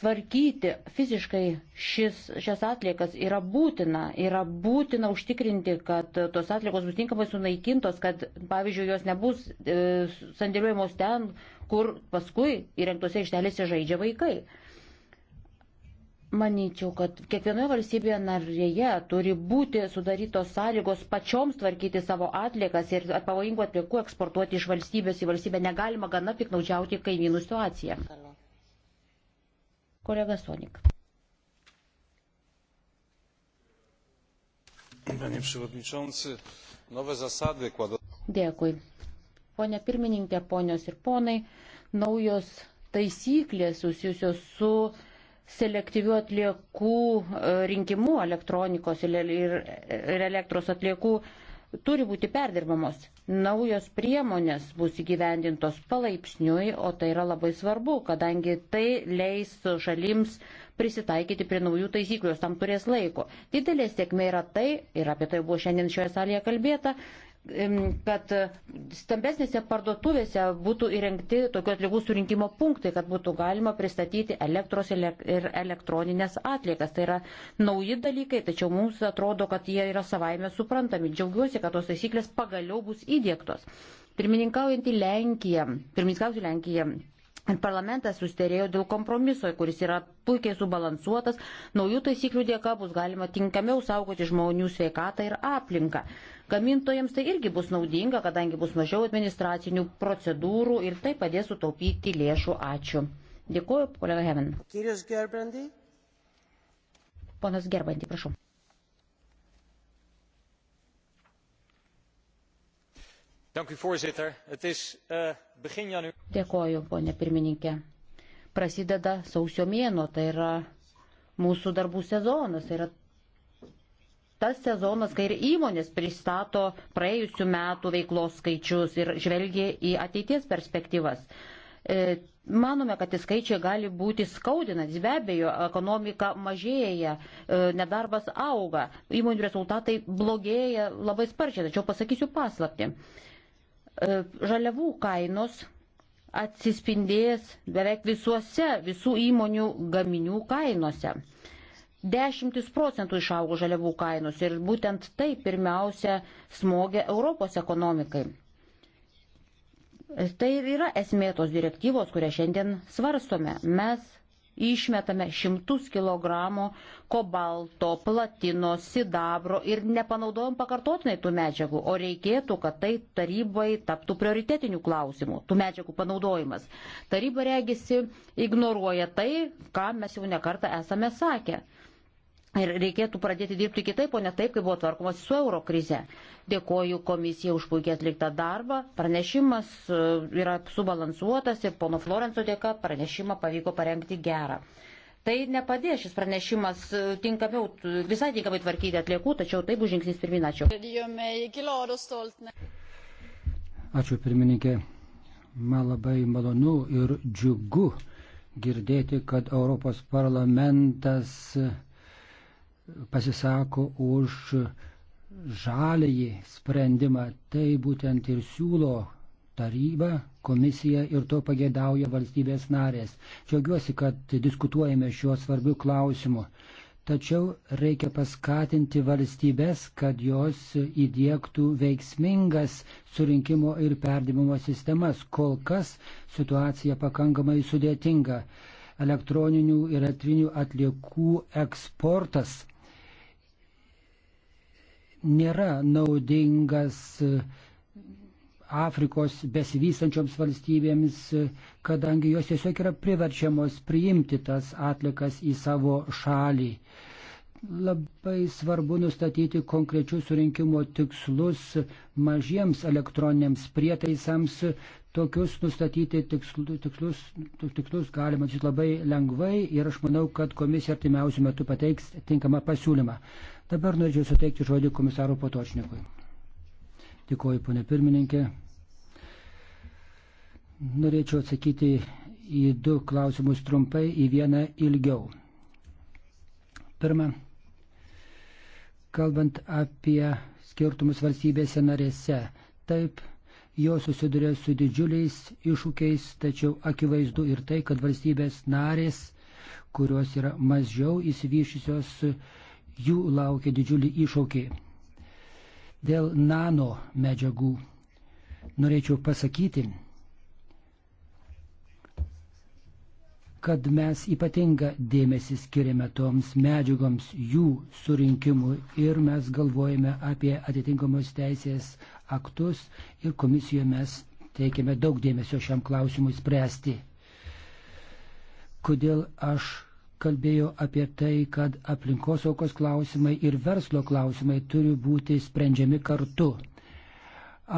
tvarkyti fiziškai šis, šias atliekas yra būtina. Yra būtina užtikrinti, kad tos atliekos bus tinkamai sunaikintos, kad, pavyzdžiui, jos nebus e, sandėliuojamos ten, kur paskui įrengtose ištelėse žaidžia vaikai. E, Maničiau, kad kiekvienoje valstybėje narėje turi būti sudarytos sąlygos pačioms tvarkyti savo atliekas ir pavojingų atliekų eksportuoti iš valstybės į valstybę. Negalima gana piknaudžiauti kaimynų situaciją. Kolega Sonik. Panie Przewodniczący, nowe zasady kładą. Dėkui. Pone pirmininkė, ponios ir ponai, naujos taisyklės susijusios su selektyvių atliekų e, rinkimų elektronikos ir elektros atliekų turi būti perdirbamos. Naujos priemonės bus įgyvendintos palaipsniui, o tai yra labai svarbu, kadangi tai leis šalims prisitaikyti prie naujų taisyklių, jos tam turės laiko. Didelė sėkmė yra tai, ir apie tai buvo šiandien šioje salėje kalbėta, kad stambesnėse parduotuvėse būtų įrengti tokių atliekų surinkimo punktai, kad būtų galima pristatyti elektros ir elektroninės atliekas. Tai yra nauji dalykai, tačiau mums atrodo, kad jie yra savaime suprantami. Džiaugiuosi, kad tos taisyklės pagaliau bus įdėktos. Pirmininkaujantį Lenkiją, pirmininkausiu Lenkiją Ir parlamentas susterėjo dėl kompromiso, kuris yra puikiai subalansuotas. Naujų taisyklių dėka bus galima tinkamiau saugoti žmonių sveikatą ir aplinką. Gamintojams tai irgi bus naudinga, kadangi bus mažiau administracinių procedūrų ir tai padės sutaupyti lėšų. Ačiū. Dėkuoju, kolega Hemen. Kyrius Gerbrandy. Ponas Gerbrandy, prašau. voorzitter het is eh, begin januari. Dėkoju, ponė pirmininkė. Prasideda sausio mėno, tai yra mūsų darbų sezonas, tai yra tas sezonas, kai ir įmonės pristato praėjusių metų veiklos skaičius ir žvelgia į ateities perspektyvas. E, manome, kad tie skaičiai gali būti skaudinantis, be abejo, ekonomika mažėja, e, nedarbas auga, įmonių rezultatai blogėja labai sparčiai, tačiau pasakysiu paslapti. E, žaliavų kainos atsispindės beveik visuose visų įmonių gaminių kainose dešimtis procentų išaugo žaliavų kainos ir būtent tai pirmiausia smogia Europos ekonomikai. Tai ir yra esmė tos direktyvos, kurią šiandien svarstome. Mes išmetame šimtus kilogramų kobalto, platino, sidabro ir nepanaudojom pakartotinai tų medžiagų, o reikėtų, kad tai tarybai taptų prioritetinių klausimų, tų medžiagų panaudojimas. Taryba regisi ignoruoja tai, ką mes jau nekartą esame sakę. Ir reikėtų pradėti dirbti kitaip, o ne taip, kaip buvo tvarkomasi su euro krize. Dėkoju komisijai už puikiai atliktą darbą. Pranešimas e, yra subalansuotas ir pono Florenco dėka pranešimą pavyko parengti gerą. Tai nepadės šis pranešimas e, tinkamiau, visai tinkamai tvarkyti atliekų, tačiau taip bus žingsnis pirmin. Ačiū. Ačiū pirmininkė. Man labai malonu ir džiugu girdėti, kad Europos parlamentas pasisako už žalįjį sprendimą. Tai būtent ir siūlo taryba, komisija ir to pagėdauja valstybės narės. Džiaugiuosi, kad diskutuojame šiuo svarbiu klausimu. Tačiau reikia paskatinti valstybės, kad jos įdėktų veiksmingas surinkimo ir perdimimo sistemas. Kol kas situacija pakankamai sudėtinga. Elektroninių ir atrinių atliekų eksportas nėra naudingas e, Afrikos besivystančioms valstybėms, e, kadangi jos tiesiog yra priverčiamos priimti tas atlikas į savo šalį. Labai svarbu nustatyti konkrečius surinkimo tikslus mažiems elektroniniams prietaisams, Tokius nustatyti tikslus, tikslus galima labai lengvai ir aš manau, kad komisija artimiausių metų pateiks tinkamą pasiūlymą. Dabar norėčiau suteikti žodį komisaro Potočnikui. Dėkuoju, ponė pirmininkė. Norėčiau atsakyti į du klausimus trumpai, į vieną ilgiau. Pirma, kalbant apie skirtumus valstybėse narėse, taip, Jos susiduria su didžiuliais iššūkiais, tačiau akivaizdu ir tai, kad valstybės narės, kurios yra mažiau įsivyšusios, jų laukia didžiulį iššūkį. Dėl nano medžiagų norėčiau pasakyti, kad mes ypatingą dėmesį skiriame toms medžiagoms, jų surinkimui ir mes galvojame apie atitinkamos teisės aktus ir komisijoje mes teikiame daug dėmesio šiam klausimui spręsti. Kodėl aš kalbėjau apie tai, kad aplinkosaukos klausimai ir verslo klausimai turi būti sprendžiami kartu.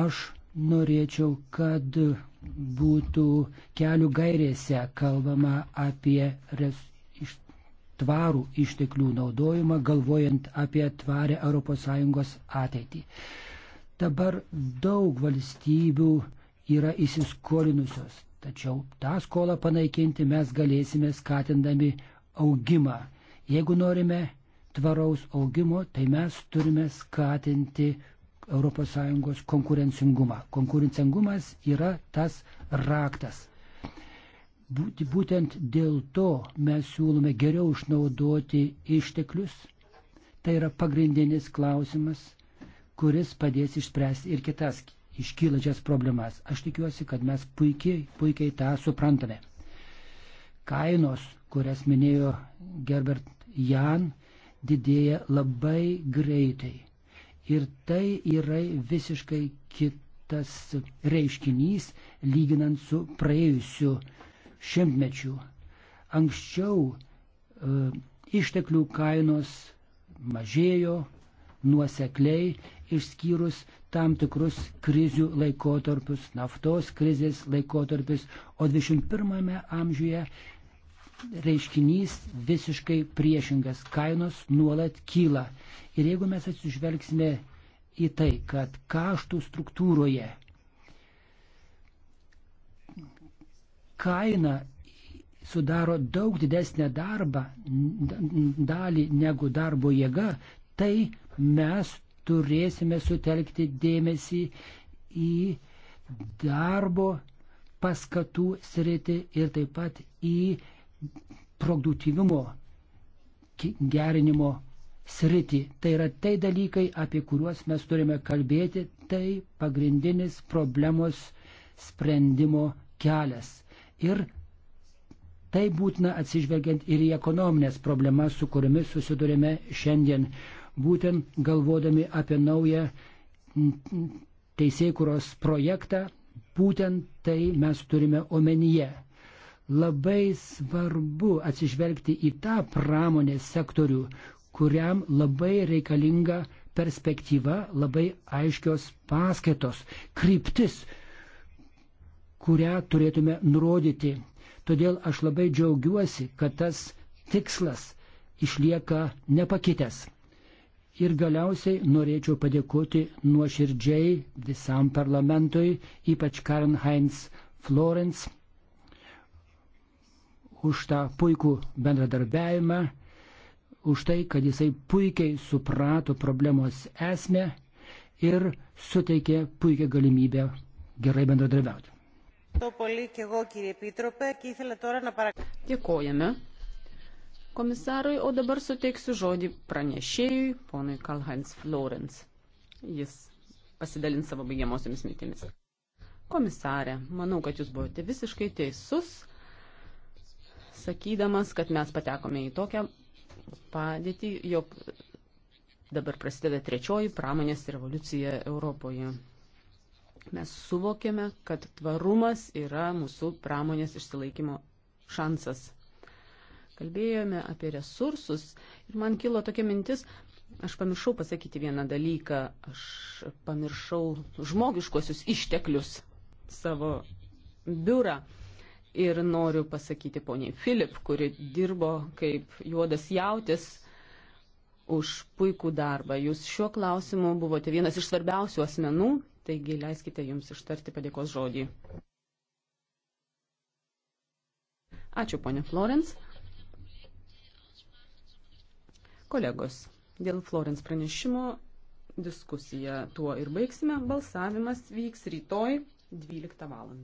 Aš norėčiau, kad būtų kelių gairėse kalbama apie res, iš, tvarų išteklių naudojimą, galvojant apie tvarę ES ateitį. Dabar daug valstybių yra įsiskolinusios, tačiau tą skolą panaikinti mes galėsime skatindami augimą. Jeigu norime tvaraus augimo, tai mes turime skatinti ES konkurencingumą. Konkurencingumas yra tas raktas. Būtent dėl to mes siūlome geriau išnaudoti išteklius. Tai yra pagrindinis klausimas kuris padės išspręsti ir kitas iškylančias problemas. Aš tikiuosi, kad mes puikiai, puikiai tą suprantame. Kainos, kurias minėjo Gerbert Jan, didėja labai greitai. Ir tai yra visiškai kitas reiškinys, lyginant su praėjusiu šimtmečiu. Anksčiau e, išteklių kainos mažėjo nuosekliai išskyrus tam tikrus krizių laikotarpius, naftos krizės laikotarpius, o 21 amžiuje reiškinys visiškai priešingas, kainos nuolat kyla. Ir jeigu mes atsižvelgsime į tai, kad kaštų struktūroje kaina sudaro daug didesnę darbą dalį negu darbo jėga, tai mes turėsime sutelkti dėmesį į darbo paskatų sritį ir taip pat į produktyvumo gerinimo sritį. Tai yra tai dalykai, apie kuriuos mes turime kalbėti, tai pagrindinis problemos sprendimo kelias. Ir tai būtina atsižvelgiant ir į ekonominės problemas, su kuriomis susidurime šiandien būtent galvodami apie naują teisėkuros projektą, būtent tai mes turime omenyje. Labai svarbu atsižvelgti į tą pramonės sektorių, kuriam labai reikalinga perspektyva, labai aiškios paskaitos, kryptis, kurią turėtume nurodyti. Todėl aš labai džiaugiuosi, kad tas tikslas išlieka nepakitęs. Ir galiausiai norėčiau padėkoti nuoširdžiai visam parlamentui, ypač Karen Heinz Florence, už tą puikų bendradarbiavimą, už tai, kad jisai puikiai suprato problemos esmę ir suteikė puikią galimybę gerai bendradarbiauti. Dėkojame komisarui, o dabar suteiksiu žodį pranešėjui, ponui Kalhans Florence. Jis pasidalins savo baigiamosiomis mintimis. Komisarė, manau, kad jūs buvote visiškai teisus, sakydamas, kad mes patekome į tokią padėtį, jog dabar prasideda trečioji pramonės revoliucija Europoje. Mes suvokėme, kad tvarumas yra mūsų pramonės išsilaikymo šansas kalbėjome apie resursus ir man kilo tokia mintis, aš pamiršau pasakyti vieną dalyką, aš pamiršau žmogiškosius išteklius savo biurą. Ir noriu pasakyti poniai Filip, kuri dirbo kaip juodas jautis už puikų darbą. Jūs šiuo klausimu buvote vienas iš svarbiausių asmenų, taigi leiskite jums ištarti padėkos žodį. Ačiū, ponė Florence. Kolegos, dėl Florence pranešimo diskusiją tuo ir baigsime. Balsavimas vyks rytoj 12 val.